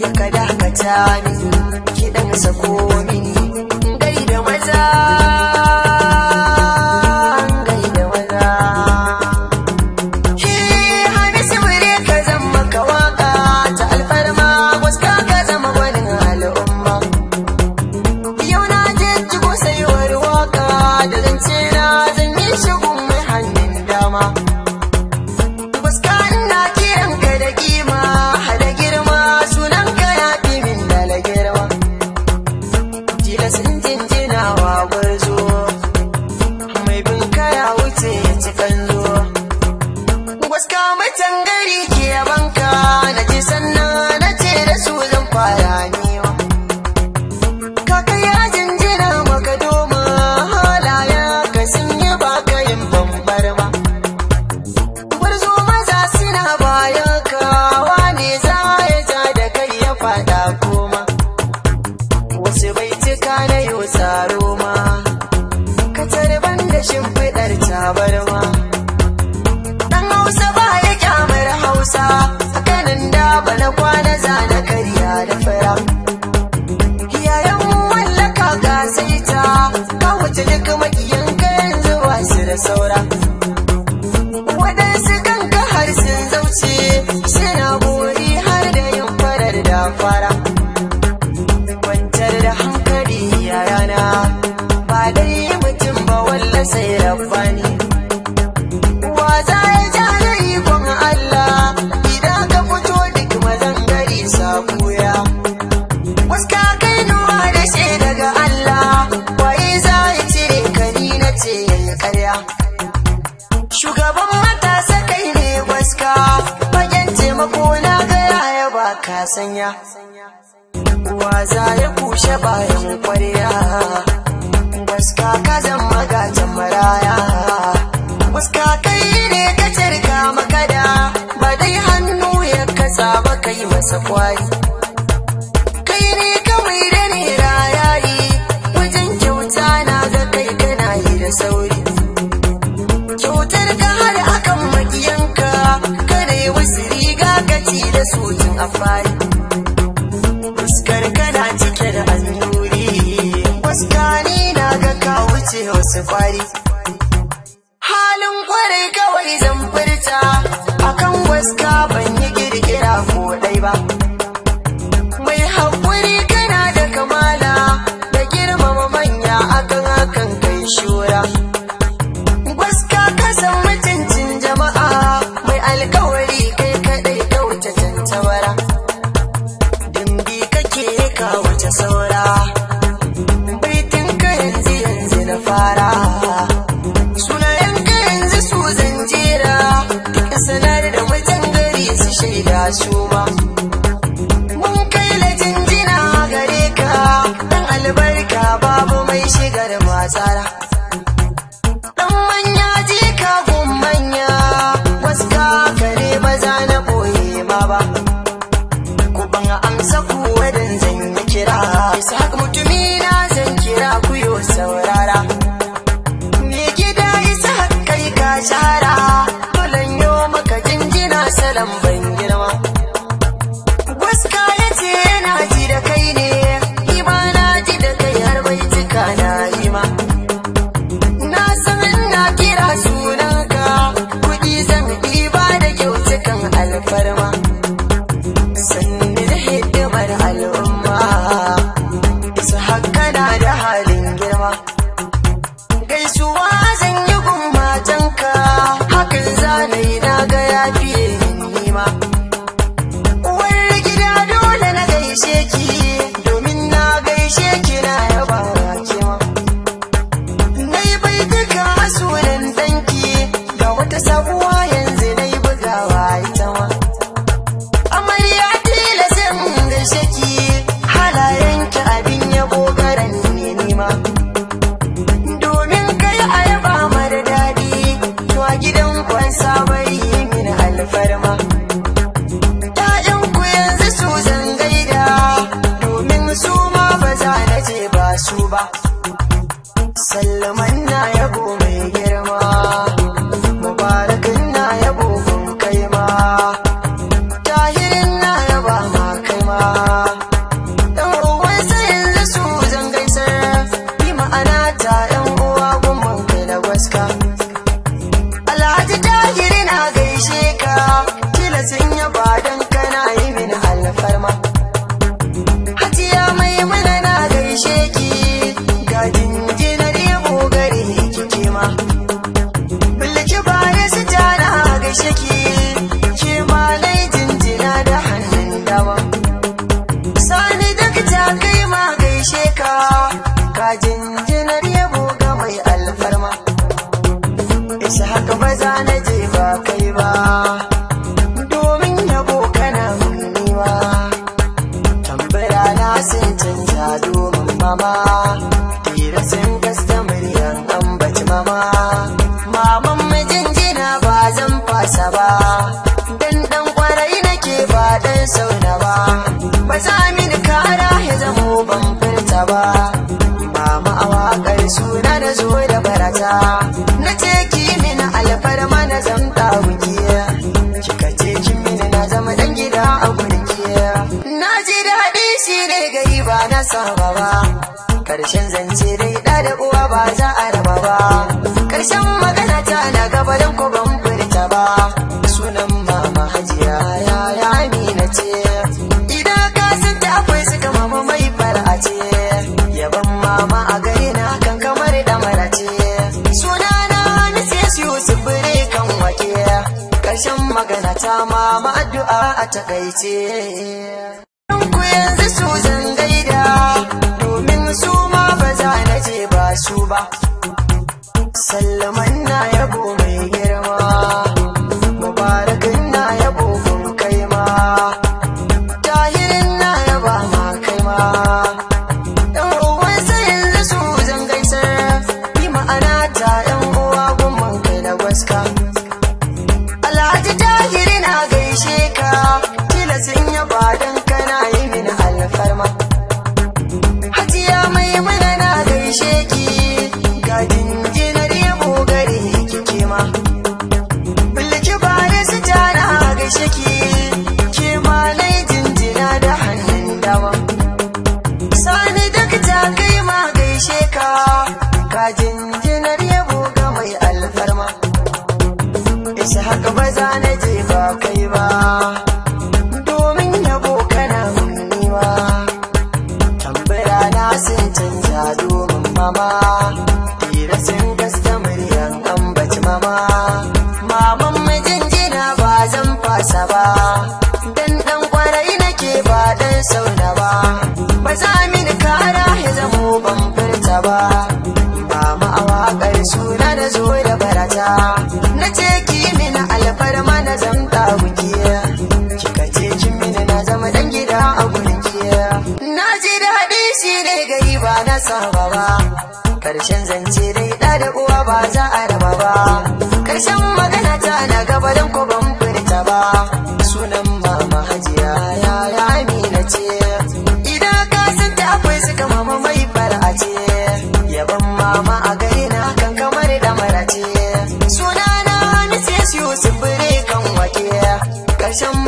ka dakata ni ki sa sako mini gai da maza profesora. ka sanya waza ya kushe bayan kwarya waska ka zama gajin maraya waska kai ne ka cirka makada ba dai hannu ya kasa ba kai masa kwari sotin afari fuskar kana cike da annuri waskani na ga ka wuce wasu kwari halin kwarai kawai zan furta akan waska ban yi girgira ko ɗai ba mun kai la jinjina gare ka albarka babu mai shigar matsara ma uwar gida dole na gaishe ki sallama mama tira sun gasta an ambaci mama maman majinjina ba zan fasa ba dan dan kwarai nake ba dan sauna ba ba za mini kara ya zamo ban furta ba mama a waƙar suna na zo da barata na ce ki mini alfarma na zamta wuki kika ce ki na zama dan gida a gurki na ji daɗi shi ne gari ba na saba ba karshen zance dai da da uwa ba za a raba ba karshen magana ta na gaba don ku ban furta ba sunan mama hajiya ya ya amina ce idan ka san ta akwai ga mama mai fara ce yaban mama a gari na kan kamar da mara ce sunana Mrs. su bure kan wake karshen magana ta mama addu'a a takaice sallama ta ba mama a waƙar suna da zo da barata na ce ki mini alfarma na zamta ɗaguki kika ce kin nazama na zama dan gida a gurin ki na ji daɗi shi ne gari ba na saba ba karshen zance dai ɗa da uwa ba za a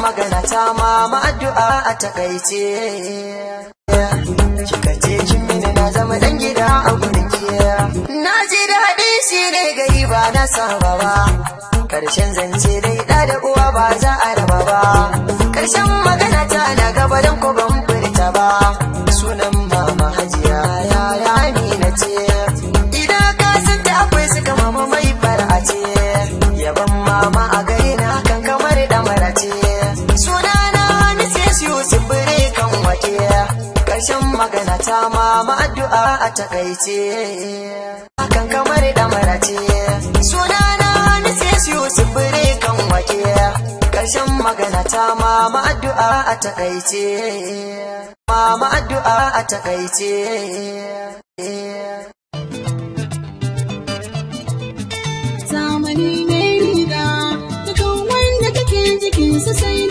magana ta ma addu'a a takaice kika ce na zama dan gida a gurin na ji da shi ne gari ba na saba ba karshen zance dai ɗa da uwa ba za a raba ba karshen magana ta na gaba dan ko ban furta ba magana ta mama addu'a a takaice hakan kamar da ce sunana sai Yusuf Bire kan wake karshen magana ta mama addu'a a takaice Ma addu'a a takaice zamani ne ta dukkan wanda kake jikinsa sai